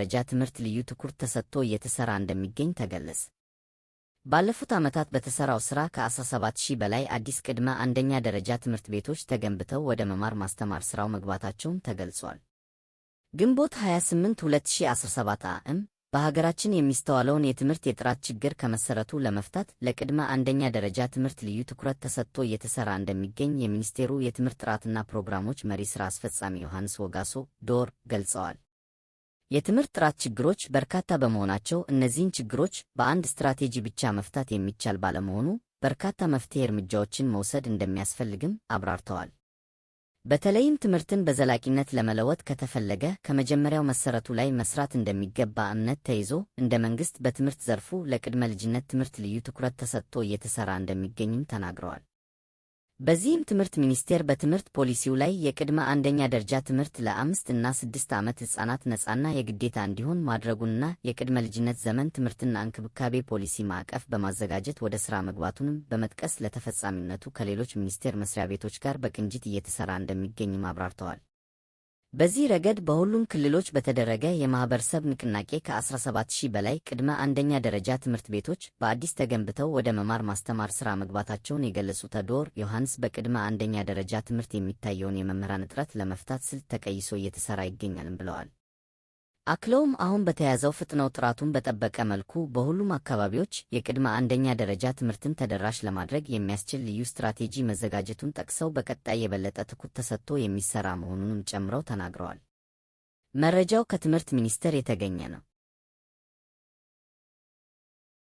ደረጃ ትምህርት ልዩ ትኩረት ተሰጥቶ እየተሰራ እንደሚገኝ ተገለጸ። ባለፉት ዓመታት በተሰራው ሥራ ከ17,000 በላይ አዲስ ቅድመ አንደኛ ደረጃ ትምህርት ቤቶች ተገንብተው ወደ መማር ማስተማር ሥራው መግባታቸውም ተገልጿል። ግንቦት 28 2017 ዓ.ም በሀገራችን የሚስተዋለውን የትምህርት የጥራት ችግር ከመሠረቱ ለመፍታት ለቅድመ አንደኛ ደረጃ ትምህርት ልዩ ትኩረት ተሰጥቶ እየተሰራ እንደሚገኝ የሚኒስቴሩ የትምህርት ጥራትና ፕሮግራሞች መሪ ሥራ አስፈጻሚ ዮሐንስ ወጋሶ ዶር ገልጸዋል። የትምህርት ጥራት ችግሮች በርካታ በመሆናቸው እነዚህን ችግሮች በአንድ ስትራቴጂ ብቻ መፍታት የሚቻል ባለመሆኑ በርካታ መፍትሄ እርምጃዎችን መውሰድ እንደሚያስፈልግም አብራርተዋል። በተለይም ትምህርትን በዘላቂነት ለመለወጥ ከተፈለገ ከመጀመሪያው መሰረቱ ላይ መስራት እንደሚገባ እምነት ተይዞ እንደ መንግስት በትምህርት ዘርፉ ለቅድመ ልጅነት ትምህርት ልዩ ትኩረት ተሰጥቶ እየተሰራ እንደሚገኝም ተናግረዋል። በዚህም ትምህርት ሚኒስቴር በትምህርት ፖሊሲው ላይ የቅድመ አንደኛ ደረጃ ትምህርት ለአምስት እና ስድስት ዓመት ሕፃናት ነፃና የግዴታ እንዲሆን ማድረጉንና የቅድመ ልጅነት ዘመን ትምህርትና እንክብካቤ ፖሊሲ ማዕቀፍ በማዘጋጀት ወደ ሥራ መግባቱንም በመጥቀስ ለተፈጻሚነቱ ከሌሎች ሚኒስቴር መስሪያ ቤቶች ጋር በቅንጅት እየተሰራ እንደሚገኝም አብራርተዋል። በዚህ ረገድ በሁሉም ክልሎች በተደረገ የማህበረሰብ ንቅናቄ ከ17000 በላይ ቅድመ አንደኛ ደረጃ ትምህርት ቤቶች በአዲስ ተገንብተው ወደ መማር ማስተማር ሥራ መግባታቸውን የገለጹ ተዶር ዮሐንስ በቅድመ አንደኛ ደረጃ ትምህርት የሚታየውን የመምህራን እጥረት ለመፍታት ስልት ተቀይሶ እየተሰራ ይገኛልም ብለዋል። አክለውም አሁን በተያዘው ፍጥነው ጥራቱን በጠበቀ መልኩ በሁሉም አካባቢዎች የቅድመ አንደኛ ደረጃ ትምህርትን ተደራሽ ለማድረግ የሚያስችል ልዩ ስትራቴጂ መዘጋጀቱን ጠቅሰው በቀጣይ የበለጠ ትኩረት ተሰጥቶ የሚሰራ መሆኑንም ጨምረው ተናግረዋል። መረጃው ከትምህርት ሚኒስቴር የተገኘ ነው።